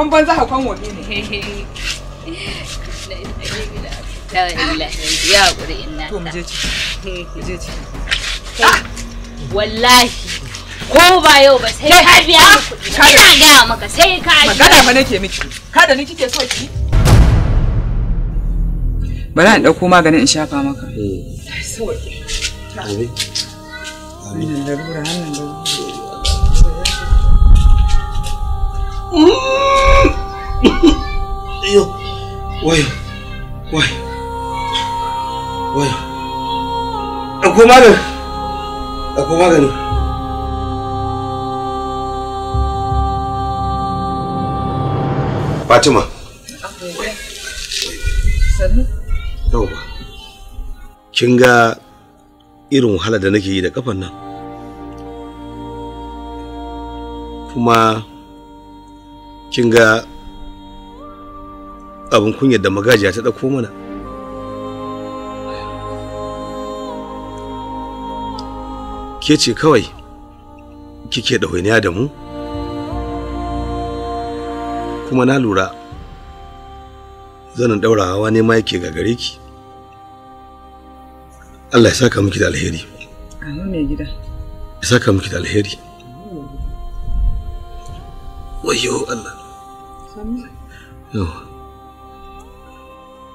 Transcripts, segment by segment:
hakon banza kwan wani ne ya to mu je ciki je ciki ah! wallahi ko ba yau ba sai ka biya ah! kuɗi ina gaya maka sai ka magana ba nake miki ni kike so ki bari in ɗauko maganin in shafa maka. Eh. Amin. hannun Iyo, mm. Fatima. Kin ga irin wahala da nake yi da kafan nan. Kuma kin ga abin kunyar da magajiya ta ɗauko mana ke ce kawai kike hoyniya da mu kuma na lura zanin ɗaurawa ne ma yake gagare ki Allah ya saka miki da alheri Amin mai gida ya saka miki da alheri wayo Allah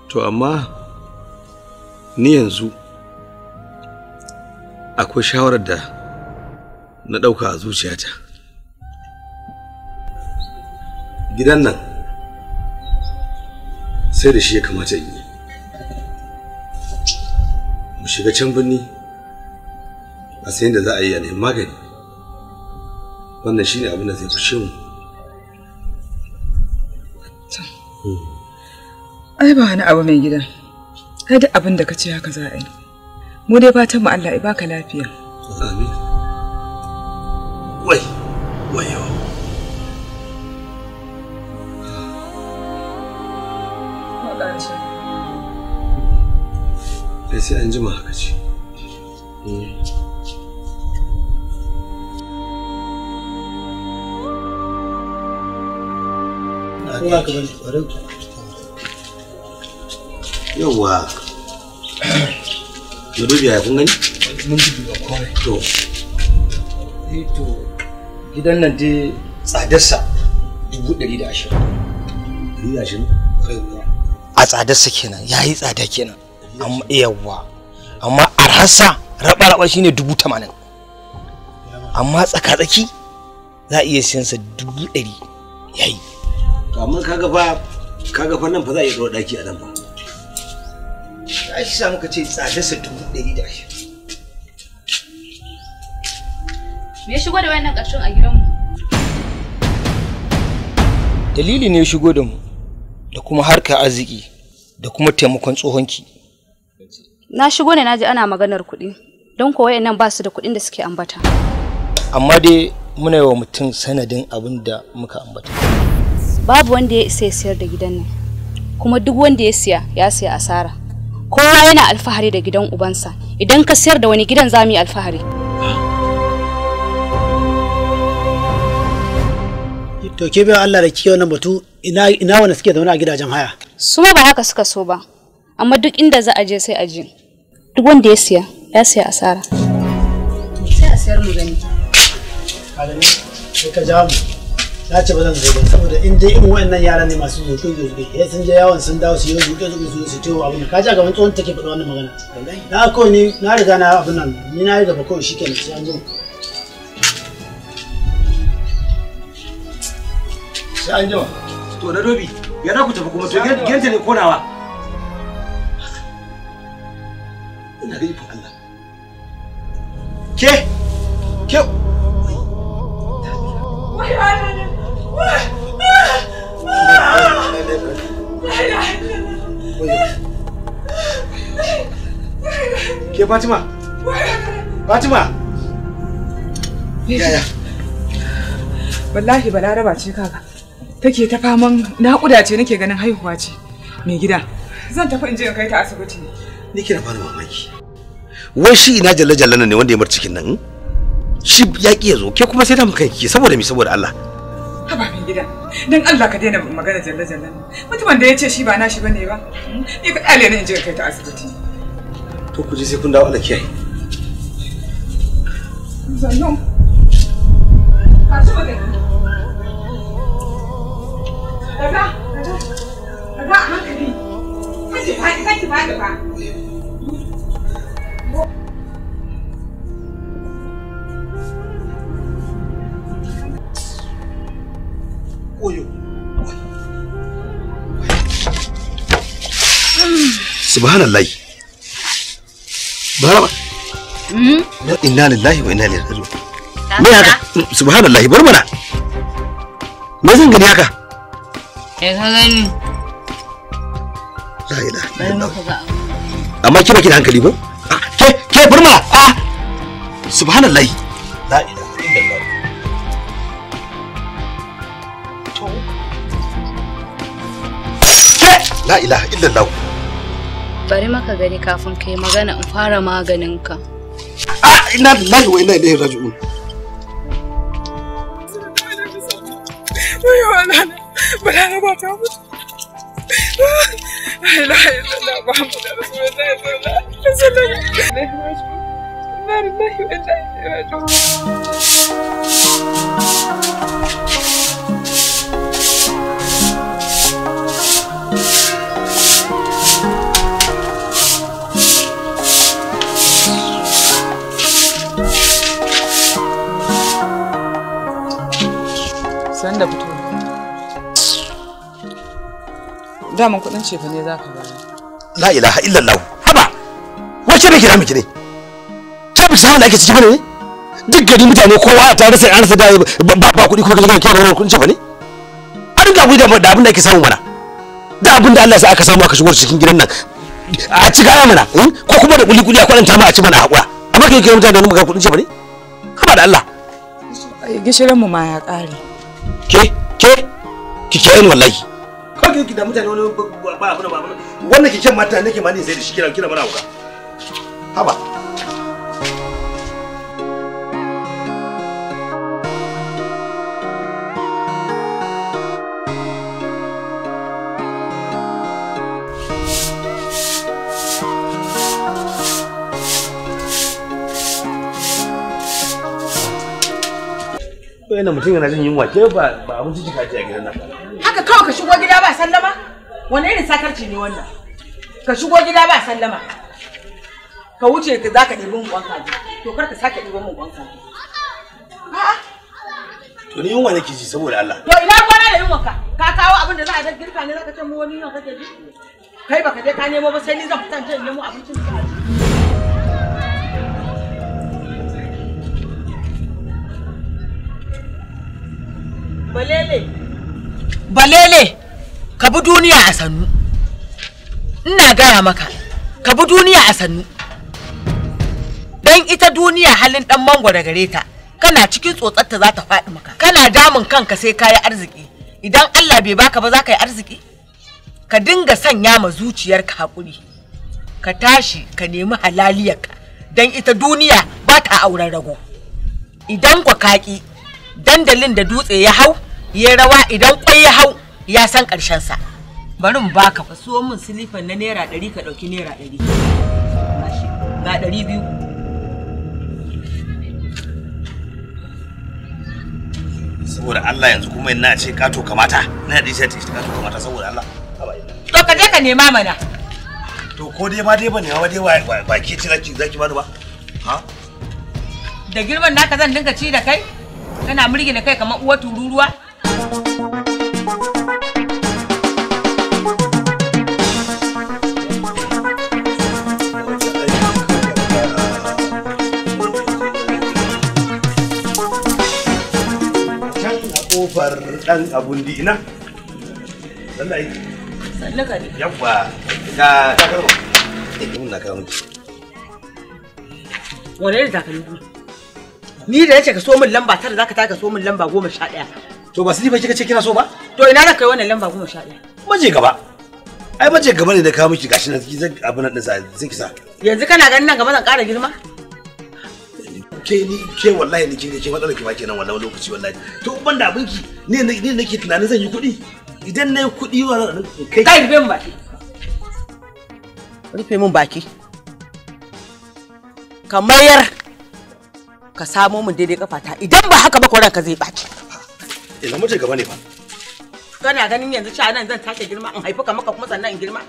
to amma ni yanzu akwai shawarar da na ɗauka a zuciyata gidan nan sai da shi ya kamata in yi mu shiga can birni a sayan da za a yi a magani wannan shine abin da zai fushe mu ai ba wani abu mai gidan kai duk abin da ka ce haka za a yi mu dai fatan mu Allah ya baka lafiya amin wai wayo sai an jima haka ce hmm. ba ka bari yawa mu ya kun gani mun dubi ba kore to eh to gidan nan dai tsadarsa dubu ɗari da ashirin ɗari da ashirin a tsadarsa kenan ya yi tsada kenan amma yawa amma arhasa raba-raba shine dubu tamanin amma tsaka-tsaki za a iya siyansa dubu ɗari yayi to amma kaga fa kaga fa nan fa za a yi ɗora ɗaki a nan fa Ya shi sa muka ce su dubu ɗari da ashirin me ya shigo da wannan ƙarshen a gidanmu dalili ne ya shigo da mu da kuma harka arziki da kuma taimakon tsohonki na shigo ne naji ana maganar kuɗi don kuwa nan ba su da kuɗin da suke ambata amma dai muna yi wa mutum sanadin abin da muka ambata babu wanda ya isa ya sayar da gidan nan kuma duk wanda ya siya ya siya asara kowa yana alfahari da gidan ubansa idan ka sayar da wani gidan za mu yi alfahari to ke bai Allah da kike wannan batu ina ina wanda suke zaune a gidajen haya su ma ba haka suka so ba amma duk inda za a je sai a je duk wanda ya siya ya siya asara sai a sayar mu gani ka ja mu na ce ba zan zo ba saboda in dai in wayannan yaran ne masu zuke zuke ya sun je yawon sun dawo su yi zuke zuke su su tewo abin ka ji ga gaban tsohon take faɗa wannan magana na ko ni na riga na abin nan ni na riga ba kawai shi ke sai an zo sai an jima to da dobi ya na ku tafi kuma to gente ne konawa ina ga ikon Allah ke ke Wai, wai, wai, Ke Fatima? Fatima! Yaya? Wallahi balaraba ce kaga. Take ta faman naƙuda ce nake ganin haihuwa ce. Mai gida, zan tafi in je in kai ta asibiti ne. Ni kira bani mamaki. Wai shi ina jalle-jalle ne wanda ya bar cikin nan? Hmm? Shi ya ƙi ya zo, ke kuma sai da mu kai saboda mi saboda Allah. gidan don Allah ka daina magana jalle jalle mutumin da ya ce shi ba nashi ne ba ni ka kyale ni in je kai ta asibiti to ku je sai kun dawo Allah kiyaye zannon ka ci magana hankali ba kaji ba da ba subhanallah baraba hmm? inna lillahi wa inna ilaihi raji'un me haka mm, subhanallah bar mana me zan gani haka eh ka gani la ilaha illallah amma kina kina hankali ko ah, ke ke bar mana ah subhanallah la ilaha illallah to la ilaha illallah bari maka gani kafin kai magana in fara maganin ka a ina lillahi wa ina Wai na ba ta mutu. La wa daman kudin cefa ne ka bani. la ilaha illallah haba wace ne kira miki ne ta bi sahala ake ciki bane ne duk gari mutane kowa a tare sai an sa da ba ba kuɗi kuma kaje kira kudin cefa ne an ga gudu da abin da ake samu mana da abin da Allah sa aka samu aka shigo cikin gidan nan a ci gara mana hmm? ko kuma da kuli kuli a kwalanta ma a ci mana hakura amma kai kira mutane mu ga kudin cefa ne haba da Allah gishirin mu ma ya kare ke ke ki ke wallahi ki ki da mutane wani ba abu da ba wannan ki kyan mata nake ma ne sai da shi kira kira mana wuka haba Ina mutum yana jin yunwa ke ba abinci cika ce a gidan nan. haka kawai ka shigo gida ba sallama wani irin sakarci ne wannan ka shigo gida ba sallama ka wuce ka za ka ɗebi mun kwanka to kar ka sake ɗebi mun kwanka to ni yunwa nake ji saboda Allah to ina gona da yunwa ka ka kawo abin da za a ga girka ne zaka ce mu wani yunwa kake ji kai baka je ka nemo ba sai ni zan fita in je in nemo abincin ka Balele. balele ka bi duniya a sannu ina gaya maka ka bi duniya a sannu don ita duniya halin dan mango da gare ta kana cikin tsotsatta za ta faɗi maka kana damun kanka sai ka yi arziki idan allah bai baka ba za ka yi arziki ka dinga sanya ma zuciyarka haƙuri ka tashi ka nemi halaliyarka don ita duniya ba ta auren rago idan kwa kaki dandalin da dutse ya hau ya rawa idan kwai ya hau ya san karshen sa bari mu baka fa. so min silifan na naira 100 ka dauki naira 100 ga 200 saboda Allah yanzu kuma ina ce kato kamata na da isa ta kato kamata saboda Allah to ka je ka nema mana to ko dai ma dai ne ba dai ba ke ci zaki zaki bani ba ha da girman naka zan dinka ci da kai kana murgina kai kamar uwa tururuwa kofar abun dina. Lallai. Sallaka ne. Ga eh, na kawo ne Ni da yace ka so min lamba tara zaka taka so min lamba goma sha ɗaya. To ba silifa kika ce kina so ba? To ina da kai wannan lamba goma sha ɗaya. Maje gaba. Ai maje gaba ne da kawo miki gashi na zan abin nan sa zan kisa. Yanzu kana ganin nan gaba zan ƙara girma? Ke ni ke wallahi ni kinga ke matsala ki ma kenan wallahi lokaci wallahi. To ban da abinki ne ne nake tunanin zan yi kuɗi. Idan na yi kuɗi wa kai. Kai rufe min baki. Rufe min baki. Ka mayar ka samo min daidai kafata idan ba haka ba ko ranka zai ɓaci. ina mace gaba ne ba kana ganin yanzu sha nan zan tashi girma in haifuka maka kuma sannan in girma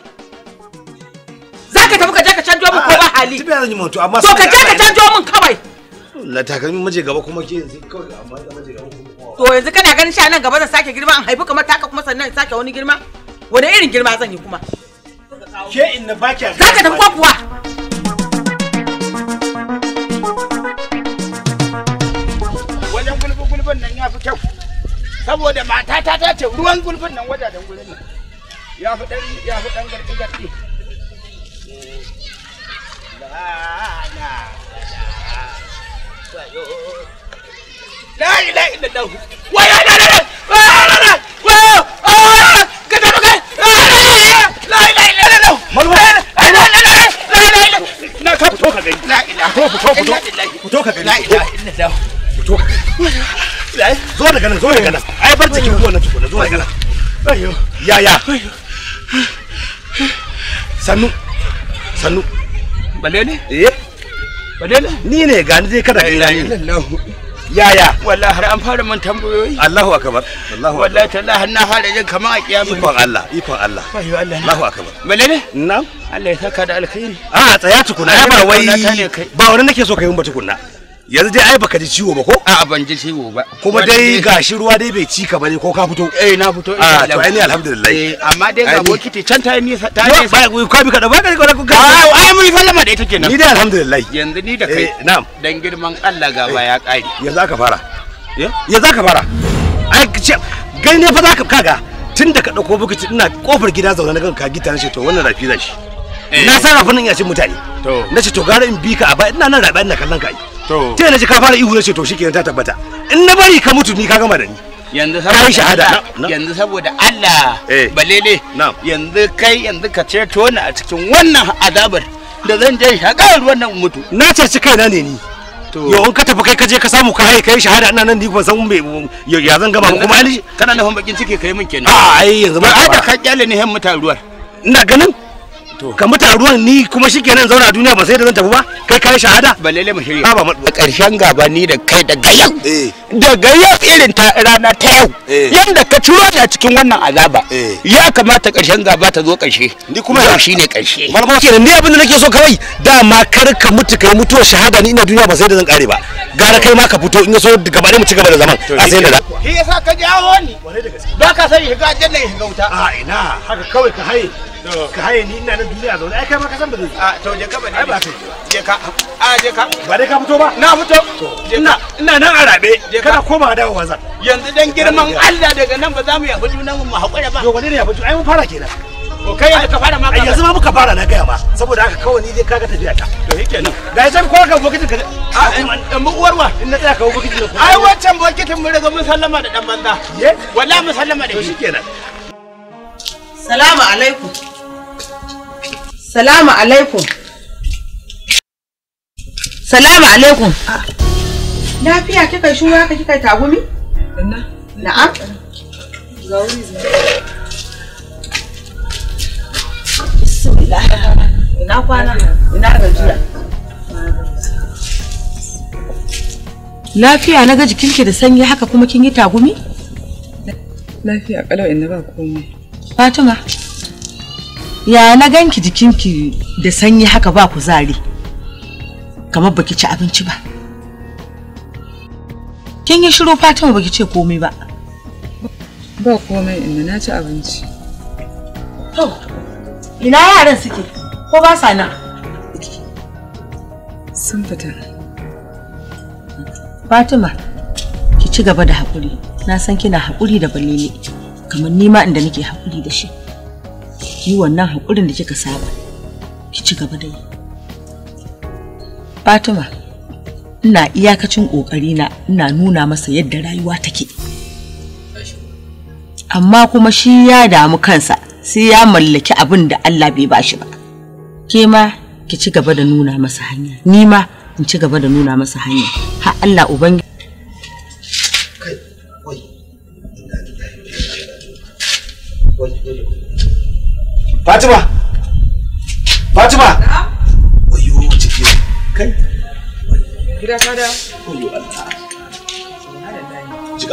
za ka tafi ka je ka canjo min ko ba hali tafiya zan yi mutu amma to ka je ka canjo min kawai la takalmin mace gaba kuma ke yanzu kawai amma da mace gaba kuma to yanzu kana ganin sha nan gaba zan sake girma in haifuka kamar taka kuma sannan in sake wani girma wani irin girma zan yi kuma ke inna ba ki za ka tafi ko kuwa wajen gulbe-gulben nan ya fi kyau saboda matata ta ce ruwan gulfin nan wajajen gurin nan ya fi dan ya fi dan garki garki la ila la la wa la la wa la ila illa allah malwa la la la la na ka fito ka gani la ila fito fito fito ka gani la ila illa allah fito zo da nan zo da nan a bar cikin ruwan tukuna yaya sannu sannu bale ne eh bale ne ni ne gani kada gina ni yaya wallahi har an fara man tambayoyi Allahu akbar Allahu wallahi tallahi na fara jin kamar a kiyama Allah ikon Allah Allahu akbar bale ne na'am Allah ya saka da alkhairi a ah, tsaya tukuna ba wai ba wani nake so kai mun ba tukuna yanzu dai ai baka ji ciwo ba ko a'a ban ji ciwo ba kuma dai gashi ruwa dai bai ci ka bane ko ka fito eh na fito ah, a to ai ne alhamdulillah eh amma dai ga te can ta ni ta ni ba ku ka bi ka da ba ka ko ku ga ai mun sallama da ita kenan ni dai alhamdulillah yanzu ni da kai eh, na'am dan girman Allah ga ba ya kare eh, yanzu ka fara yanzu aka fara ai gani ne fa za ka kaga tun da ka dauko bokiti ina kofar gida zaune na ka gita na to wannan rafi zashi eh. na sarrafa nan ci mutane na ce to gara in bi ka a ba ina nan raɓa ina kallon ka ai to na ji ka fara ihu ce to shikenan ta tabbata in na bari ka mutu ni ka gama da ni yanzu saboda shahada yanzu saboda Allah eh. balele yanzu kai yanzu ka ceto ni a cikin wannan azabar da zan je shakar wannan mutu na ci kaina ne ni yau in ka tafi kai ka je ka samu ka haye kai shahada ina nan ni ban san me ya zan gama kuma ali kana nufin bakin ciki kai min kenan a ai yanzu ba ai ka kyale ni hen mutan ruwar ina ganin ka mutu a ruwan ni kuma shikenan zauna duniya ba sai da zan tafi ba kai kai shahada ba lalle mu shirya ba matsuwa karshen gaba ni da kai da yau eh. da yau irin ta rana ta yau eh. yanda ka ciro ni a cikin wannan azaba eh. ya kamata karshen gaba ta zo karshe ni kuma yau shine karshe malama kenan ni abin da nake so kawai dama kar ka mutu kai mutuwa shahada ni ina duniya ba sai da zan kare ba gara kai ma ka fito in so gaba ne mu ci gaba da zaman a sai da za shi yasa ka jawo ni ba ka sani ga aljanna ga wuta a ina haka kawai ka haye ka haye ni ina nan duniya zaune ai kai ma ka san ba zai a to je ka bane ai ba kai je ka a je ka ba dai ka fito ba na fito ina ina nan a rabe kana koma dawowa zan yanzu dan girman Allah daga nan ba za mu yabi junan mu hakura ba to wani ne yabi ai mun fara kenan to kai yanzu ka fara ma ka yanzu ma muka fara na gaya ma saboda haka kawai ni dai kaga tafiya ta to yake nan da ya san ko ka bokitin ka a dan uwar wa in na tsaya ka bokitin ka ai wancan bokitin mun riga mun sallama da dan banza wallahi mun sallama da shi to shikenan salamu alaikum salamu alaikum salamu alaikum lafiya kika shuwa ka kika tagumi na'am ina kwana ina gajiya lafiya na ga jikinki da sanyi haka kuma kin yi tagumi lafiya kalau inda ba komai fatima ya na ganki jikinki da sanyi haka ba kuzari kamar baki ci abinci ba kin yi shiru fatima baki ce komai ba ba komai inda na ci abinci to ina yaran suke ko ba sa nan sun fita fatima ki ci gaba da haƙuri na san kina haƙuri da balili kamar nima inda nake haƙuri da shi ki yi wannan haƙurin da kika saba ki ci gaba da yi fatima ina iyakacin ƙoƙari na ina nuna masa yadda rayuwa take amma kuma shi ya damu kansa sai ya mallaki abin da allah bai bashi ba ke ma ki ci gaba da nuna masa hanya ni ma in ci gaba da nuna masa hanya har allah ubangi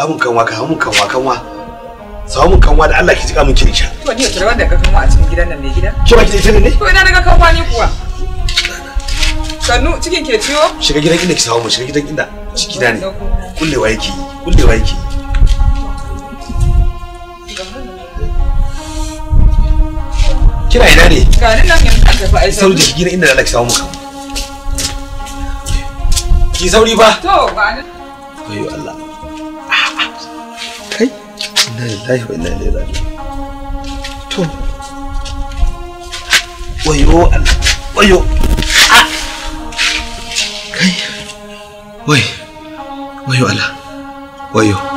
jiƙa min kanwa ka hamu kanwa kanwa samu min kanwa da Allah ki jiƙa min kirisha to ni ki rabar da kanwa a cikin gidan nan ne gida kira ba ki da ita ne to ina daga kanwa ni kuwa sannu cikin ke ciwo shiga gidan inda ki samu shiga gidan inda ciki da ne kullewa yake kullewa yake kina ina ne ga nan yanzu an tafi aisha sauri da gidan inda Allah ki samu kanwa ki sauri ba to ba ni Allah kai na lillahi wa inna ilaihi raji'un to wayo Allah wayo ah! kai wai wayo Allah wayo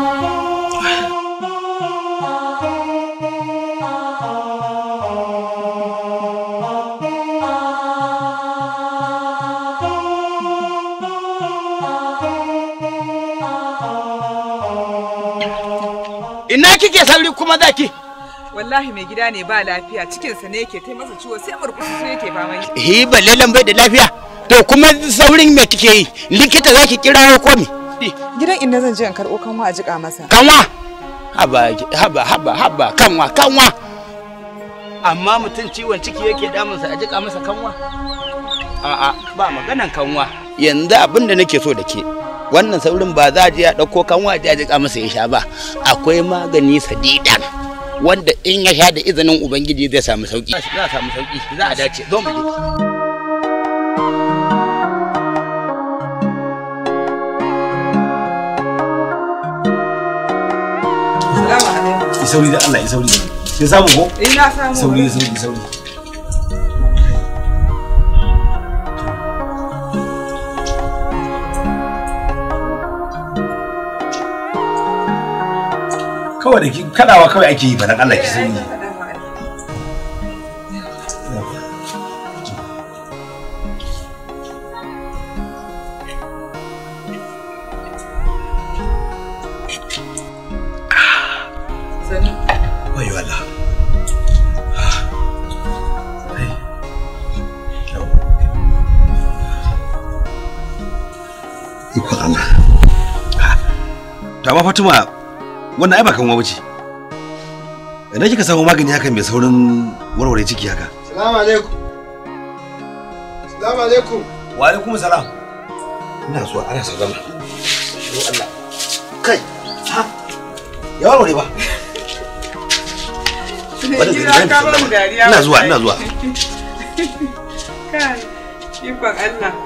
kike sauri kuma zaki wallahi mai gida ne ba lafiya cikinsa ne yake taimasa ciwo sai murkusu ne yake fama shi hi balle lambai da lafiya to kuma saurin me kike yi likita zaki kira ko me gidan inda zan je in karɓo kanwa a jika masa kanwa haba haba haba haba kanwa kanwa amma mutum ciwon ciki yake damunsa a jika masa kanwa a'a ba maganan kanwa yanzu abin da nake so da ke wannan saurin ba za a je a ɗauko kan wa je a masa ya sha ba akwai magani sadidan wanda in ya sha da izinin ubangiji zai samu sauki za a samu sauki za a dace zo mu je Isauri da Allah, isauri sauri Ya samu ko? Ina eh, samu. Sauri, sauri, sauri. kawai da kadawa kawai ake yi ba dan Allah ki sani wannan ai ba kanwa bace idan kika samu magani haka mai saurin warware ciki haka assalamu alaikum assalamu alaikum wa alaikum salam ina zuwa ana sa zama shi Allah kai ha ya warware ba ina zuwa ina zuwa kai ikon Allah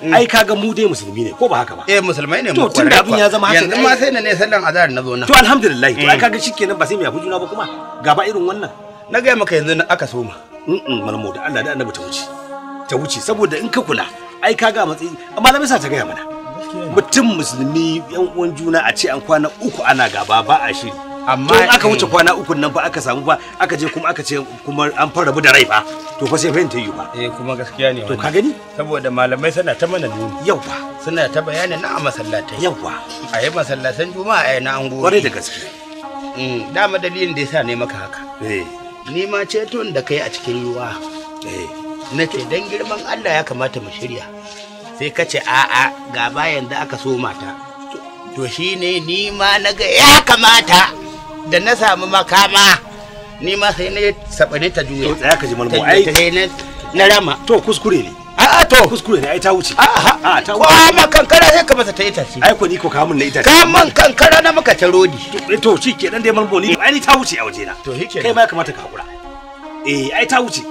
Mm. ai kaga mu dai musulmi ne ko ba haka ba eh musulmai ne mu to tunda abin ya zama haka yanzu ma sai na ne sallan azhar na zo na to alhamdulillah to ai mm. kaga shikenan ba sai mu yafi juna ba kuma gaba irin wannan na ga maka yanzu na aka soma mm malamu da Allah da annabi ta wuce ta wuce saboda in ka kula ai kaga matsayi malamai sa ta gaya mana mutum musulmi yan uwan juna a ce an kwana uku ana gaba ba a shiri amma in aka eh. wuce kwana uku nan ba aka samu ba aka je kuma aka ce kuma an fara da rai ba to fa sai fahimta yi ba eh kuma gaskiya ne to ka gani saboda malamai suna ta mana nuni yawa suna ta bayani na a masallatai yawa a yi masallatan juma'a a na ango kwarai da gaske mm, dama dalilin da yasa ne maka haka eh. ni ma ceton da kai a cikin ruwa eh. na ce dan girman Allah ya kamata mu shirya sai ka ce a'a ga bayan da aka so mata to shine ni ma naga ya kamata da na samu makama ni ma sai na sabani ta juya to tsaya ka ji malmo ai na rama to kuskure ne a to kuskure ne ai ta wuce a ta wuce ko ma kankara sai ka masa ta ita ce ai ko ni ko ka mun na itace ka mun kankara na maka ta rodi to shi dan dai malmo ni ai ta wuce a waje na to shi kai ma kamata ka hakura eh ai ta wuce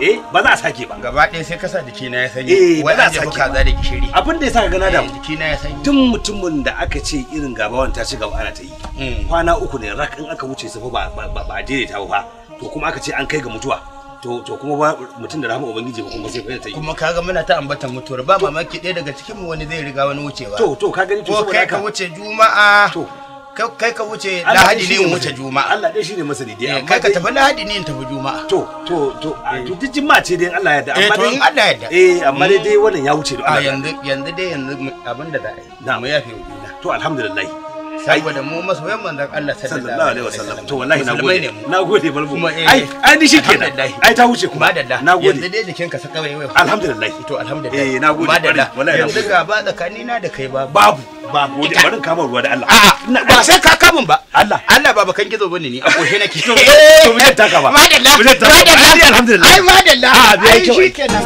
eh ba za a sake ba gaba ɗaya sai ka sa jiki na ya sanyi eh ba za a sake kaza da gishiri abin da ya saka gana da eh, jiki na ya sanyi tun mutumin da aka ce irin gabawan ta ci gaba ana ta yi mm. kwana uku ne rak in aka wuce su ba ba daidaita ba to kuma aka ce an kai ga mutuwa to to kuma ba mutum da rahama ubangiji ba kuma sai fa ta yi kuma kaga muna ta ambata mutuwar ba mamaki ɗaya daga cikin mu wani zai riga wani wucewa to to ka gani to ko kai ka wuce juma'a to kai ka wuce lahadi ne in wuce juma'a Allah dai shine masani dai eh, amma kai ka tafi lahadi ne in tafi juma'a to to to ah, eh, duk juma'a ce dai Allah ya yarda eh, amma dai Allah ya yarda eh amma dai dai wannan ya wuce da ah, yanzu yanzu dai yanzu abin da a yi na mu yafe to alhamdulillah saboda mu masoyan manzon Allah sallallahu alaihi wasallam to wallahi nagode nagode balbu ai ai ni shikenan ai ta wuce kuma madalla nagode yanzu dai jikin ka saka wai alhamdulillah to alhamdulillah eh nagode madalla wallahi yanzu ga ba tsakani na da kai ba babu ba gode bari kama ruwa da Allah a'a ba sai ka kamun ba Allah Allah ba bakan gizo bane ni a koshe nake to mu je taka ba madalla madalla alhamdulillah ai madalla ai shikenan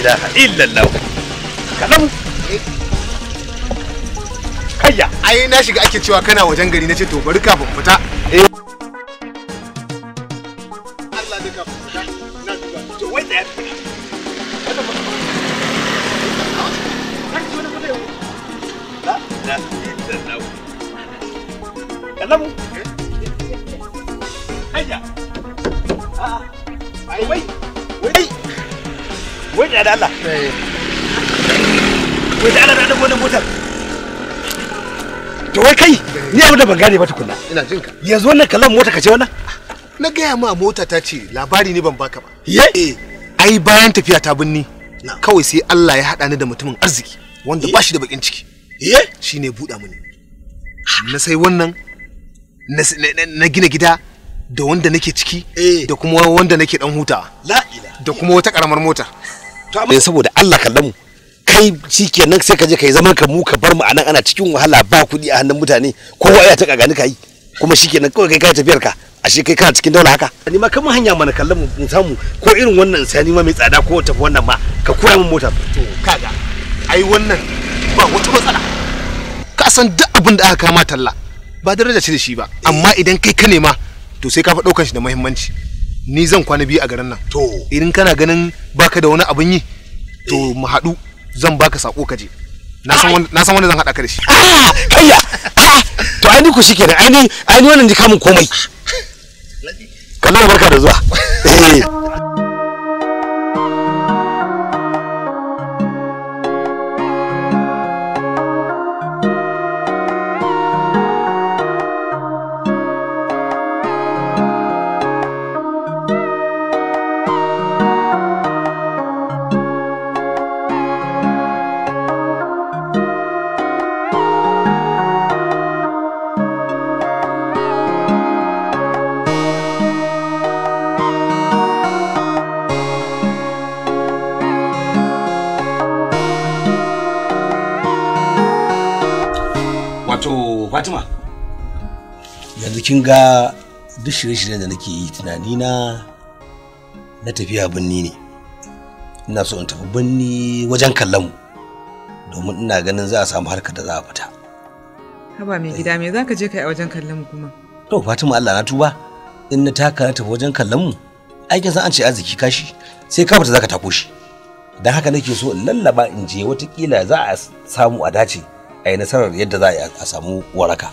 ilaha illallah kalam kayya ai na shiga ake cewa kana wajen gari nace to bari kafin fita motar to wai kai ni abin da ban gane ba tukunna ina jin ka yanzu wannan kallon mota ka wannan na gaya ma mota ta ce labari ne ban baka ba ye eh, ai bayan tafiya ta binni kawai sai Allah ya hada ni da mutumin arziki wanda ba shi da bakin ciki ye shine buɗa ne na sai wannan na gina gida da wanda nake ciki eh. da kuma wanda nake dan hutawa da kuma wata karamar mota eh, saboda Allah kallon mu kai kenan sai ka je kai zaman ka mu ka bar mu anan ana cikin wahala ba kuɗi a hannun mutane kowa ya ta ka kai kuma kenan kawai kai ka tafiyar ka a shi kai kana cikin daula haka ni ma kamar hanya mana kallon mu samu ko irin wannan sani ma mai tsada ko tafi wannan ma ka kura min mota to kaga ai wannan ba wata matsala ka san duk abin da aka kama talla ba daraja ce da shi ba amma idan kai ka nema to sai ka fa ɗaukan shi da muhimmanci ni zan kwana biyu a garin nan to idan kana ganin baka da wani abin yi to mu haɗu zan baka sako ka je na san wanda zan haɗa ka da shi ah! kayya ah! to ai ni ku shi kenan ai ni wannan ji kamun komai kallon barka da zuwa eh. kin ga duk shirye-shiryen da nake yi tunani na na tafiya birni ne ina so in tafi birni wajen kallon mu domin ina ganin za a samu harkar da za a fita haba mai gida me za ka je kai a wajen kallon mu kuma to fatima allah na tuba in na taka na tafi wajen kallon mu aikin san an ce arziki kashi sai ka fita za ka tako shi don haka nake so in lallaba in je watakila za a samu a dace a yi nasarar yadda za a samu waraka.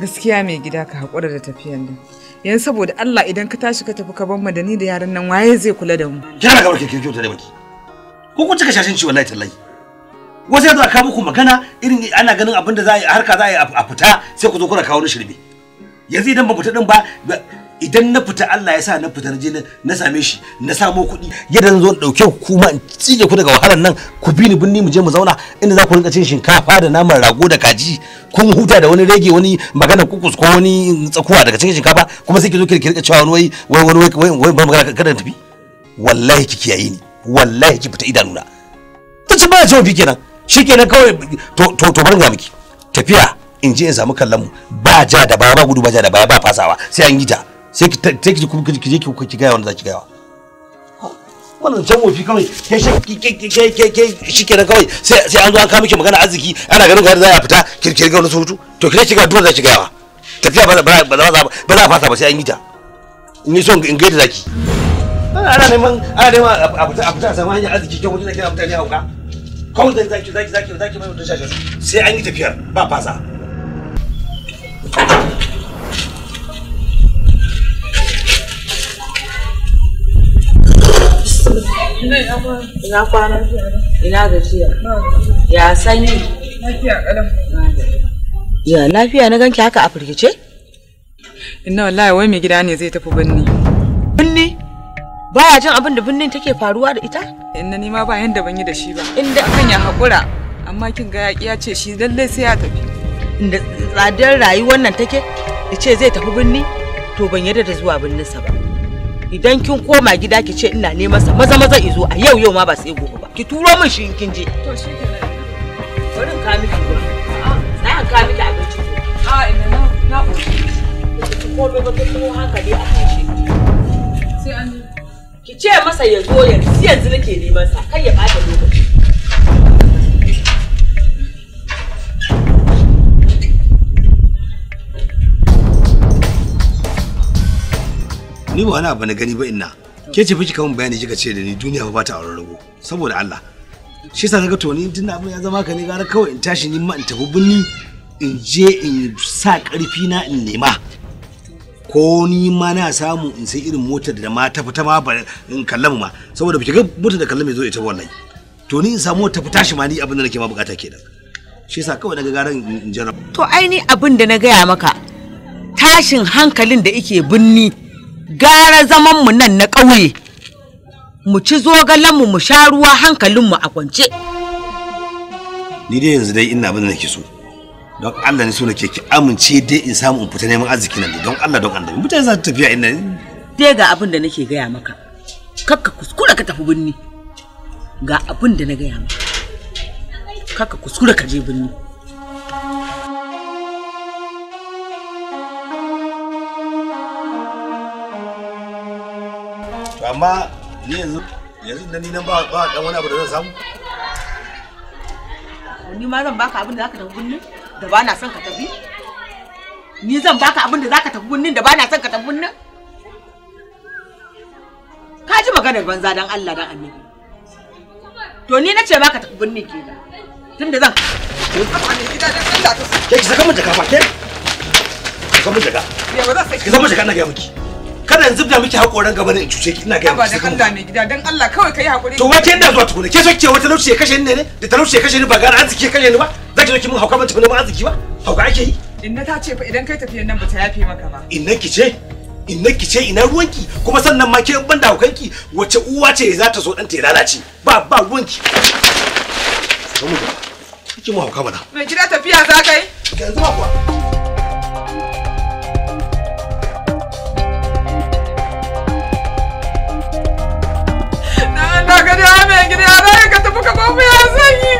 gaskiya mai gida ka haƙura da tafiyan nan yan saboda Allah idan ka tashi ka tafi ka bar da ni da yaran nan waye zai kula da mu kina ga barke ke kyauta da baki ko kun cika shashin ci wallahi tallahi wasu yadda aka muku magana irin ana ganin abin da za a harka za a a fita sai ku zo kuna kawo ni shirbi yanzu idan ba fita din ba idan na fita Allah ya sa na fita je na same shi na samo kuɗi yadda zan zo dauke ɗauke ku kuma in cije ku daga wahalar nan ku bi ni binni mu je mu zauna inda za ku rinka cin shinkafa da naman rago da kaji kun huta da wani rage wani magana kukus ko wani tsakuwa daga cikin shinkafa kuma sai ki zo ki rinka cewa wani wai wani wai wai ba magana kada tafi wallahi ki kiyaye ni wallahi ki fita idanuna ta ci ba ce kenan shikenan kawai to to to ga miki tafiya in je in samu kallon mu ba ja da baya ba gudu ba ja da baya ba fasawa sai an yi ta sai ki sai ki kuma ki je ki ki gaya wanda za ki gaya wannan can wofi kawai ke ke ke ke shi kenan kawai sai sai an zo an kawo miki magana arziki ana ganin gari za a fita kirkiri ga wani surutu to kire ki ga duwan za ki gaya tafiya ba ba ba za fasa ba sai an yi ta in yi son in gaida zaki ana neman ana neman a fita a fita a samu hanyar arziki kyan wajen da kira mutane hauka kawai zai zaki zaki zaki zaki mai mutum shashen sai an yi tafiyar ba fasa Ina kwana? Ina gajiya? Ya sanyi? Lafiya kalam. Ya lafiya na ganki haka a firgice? Inna wallahi wai mai gida ne zai tafi binni. Binni? Baya jin abin da binnin take faruwa da ita? Inna ni ma ba yanda ban yi da shi ba. Inda kan ya hakura, amma kin ga ya ce shi lalle sai ya tafi. Inda tsadar rayuwar nan take? Ice zai tafi binni? To ban yarda da zuwa binninsa ba. idan kin koma gida ki ce ina neman sa maza maza izo a yau yau ma ba sai gobe ba ki turo min shi in kin je to shikenan bari in ka miki ba na ka miki abinci a ina na na ko ba ko ko hankali a kai shi sai an ki ce masa ya zo yanzu yanzu nake neman sa kai ya bada lokaci ni ba wani abu na gani ba ina ke ce fiki kawun bayani kika ce da ni duniya ba ta auren rago saboda Allah shi sa kaga to ni tun abin ya zama ka ne gara kawai in tashi ni ma in tafi binni in je in sa karfi na in nema ko ni ma na samu in sai irin motar da ma ta ma in kallamu ma saboda fiki ga motar da kallamu zo ita wallahi to ni in samu ta tafi shi ma ni abin da nake ma bukata kenan shi sa kawai ga garan in jira. to ai ni abin da na gaya maka tashin hankalin da yake binni gara zaman mu nan na ƙauye mu ci zogalenmu mu sha ruwa hankalinmu a kwance ni dai yanzu dai ina abin da nake so don Allah ne so nake ki amince dai in samu in fita neman arziki nan don Allah don Allah mutane za su tafiya ina dai ga abin da nake gaya maka kakka kuskura ka tafi birni ga abin da na gaya maka kakka kuskura ka je birni amma ni yanzu yanzu da ni nan ba ba dan wani abu da zan samu ni ma zan baka abin da zaka tafi bunnin da ba na son ka tafi ni zan baka abin da zaka tafi bunnin da ba na son ka tafi bunnin ka ji maganar banza dan Allah dan annabi to ni na ce maka tafi bunnin kenan tunda zan ke ki saka mun jaka fa ke ka mun jaka ki saka mun jaka na ga miki kada yanzu da miki hakoran gaba ne in cuce ki ina ga ba da Allah mai gida dan Allah kawai kai hakuri to wace inda zuwa tukuna ke so kike wata lokaci ya kashe ni ne da ta lauci ya kashe ni ba gara arziki ya kashe ni ba za ki zo ki mun hauka ban tukuna ba arziki ba hauka ake yi inna ta ce fa idan kai tafiyan nan ba ta yafe maka ba inna ki ce inna ki ce ina ruwanki kuma sannan ma ke ban da haukanki wace uwa ce za ta so dan ta lalace ba ba ruwanki kamu kike mu hauka mana mai gida tafiya za kai yanzu ba kuwa mai ka tafi ka na yanzu ya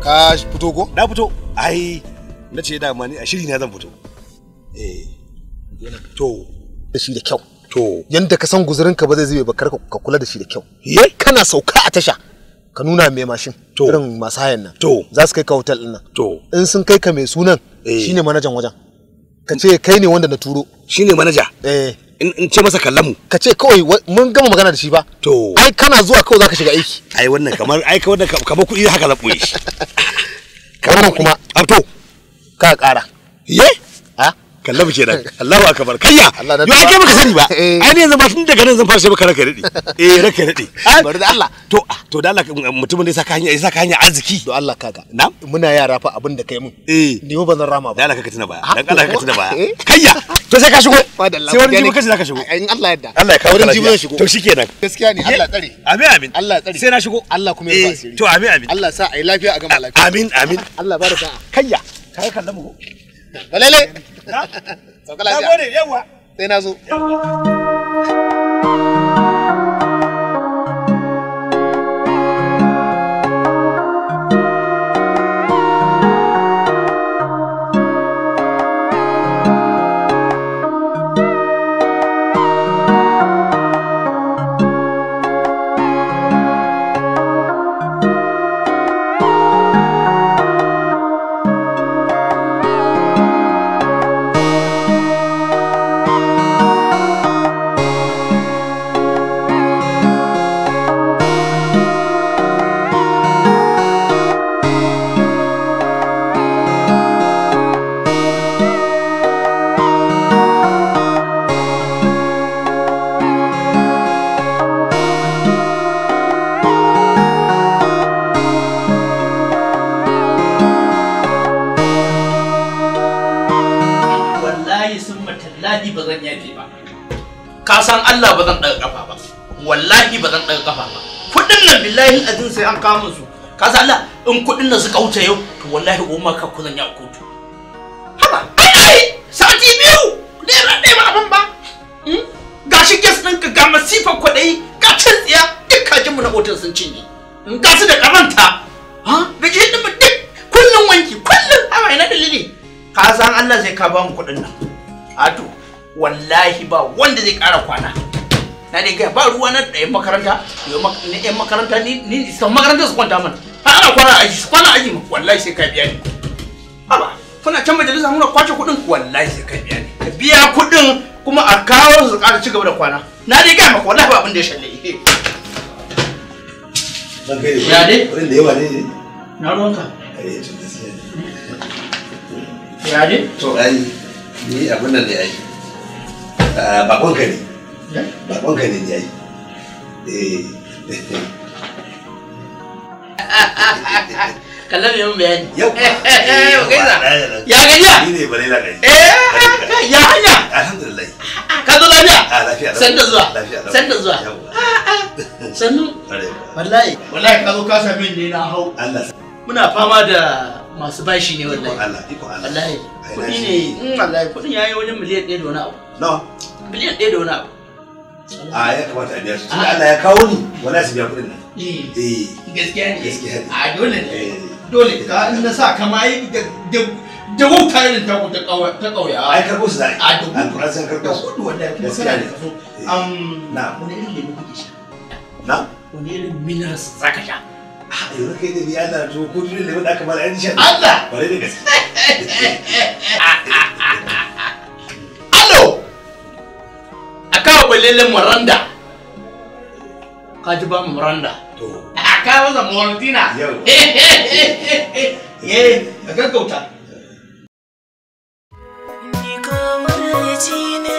ka fito ko na fito ai na ce da ma ni a shiri na zan fito eh to da shi da kyau to yanda ka san guzurin ka ba zai zube ba kar ka kula da shi da kyau kana sauka a tasha ka nuna mai mashin irin masu hayan nan za su kai ka hotel din nan in sun kai ka mai sunan eh. shine manajan wajen ka ce kai ne wanda na turo shine manaja eh in ce masa kallamu ka ce kawai mun gama magana da shi ba to ai kana zuwa kawai zaka shiga aiki ai wannan kamar ai ka wannan kamar kuɗi haka la shi wannan kuma to ka ƙara ye kallabu kenan Allahu akbar kayya yo ake baka sani ba eh. ai ne yanzu ba tun daga nan zan fara sai baka raka rade eh raka rade ah, bari da Allah to ah, to da Allah um, mutumin da ya saka hanya ya saka hanya arziki to Allah kaka na muna yara fa abin da kai mun eh ni ba zan rama ba da Allah kaka tuna baya ah, dan Allah kaka tuna baya eh. kayya to sai ka shigo sai wani jibi kace zaka shigo in Allah yadda Allah ya kawo wani jibi zan shigo to shikenan gaskiya ne Allah tsare amin amin Allah tsare sai na shigo Allah kuma ya ba eh, to amin amin Allah sa ai lafiya a gama lafiya amin amin Allah barka kayya kai kallamu balele sauka lafiya sai na zo san Allah ba zan ɗaga kafa ba wallahi ba zan ɗaga kafa ba kuɗin nan billahi azin sai an kama su ka san Allah in kuɗin nan suka wuce yau to wallahi goma ka ku zan yi a kotu haba ai yi sati biyu ne ɗaya ba abin ba hmm? ga shi din ɗinka ga masifar kwaɗayi ga cin tsiya duk kajinmu na otal sun cinye hmm, ga su da karanta ha da ji duk kullum wanki kullum hawa ina dalili ka san Allah zai ka ba mu kuɗin nan wallahi ba wanda zai kara kwana na dai gaya ba ruwa na ɗayan makaranta na ɗayan makaranta ni ni san makaranta su kwanta mana ha ana kwana aji su kwana aji wallahi sai ka biya ni haba kuna can majalisa muna kwace kuɗin wallahi sai ka biya ni ka biya kuɗin kuma a kawo su ƙara ci gaba da kwana na dai gaya maka wallahi ba abin da ya shalle ya dai wurin da yawa ne na ruwanka ya dai to ai ni abin nan da ya Eh, bakon ka ne bakon ne yayi eh. kallon yin bayani eh, ya gajiya ya hanya alhamdulillah ka zo lafiya ah, a zuwa san zuwa ah, ah. sannu wallahi wallahi ka zo ka same ni na hau muna fama da masu bashi ne wallahi wallahi kuɗi ne in mm, wallahi kuɗin yayi wajen miliyan ɗaya da wani abu nawa biliyan ɗaya da wani abu a ya kamata a biya su tunda Allah ya kawo ni wala su biya kuɗin nan eh gaskiya ne gaskiya ne a dole ne eh. dole ka na sa kama yi da da da ta ta ta kauya ai karbo su dai a dubu alquran san karbo su kudu wanda kuma kana da eh. na wani irin lemu kake sha na wani ne minerals zaka sha a yau kai da biya da to ko dole lemu da aka bar an sha Allah bare da gaske lele Miranda. Ka ji ba mu Miranda. To. A ka masa Molentina. Yau. Eh, ka gaggauta. Ni kamar ji ne.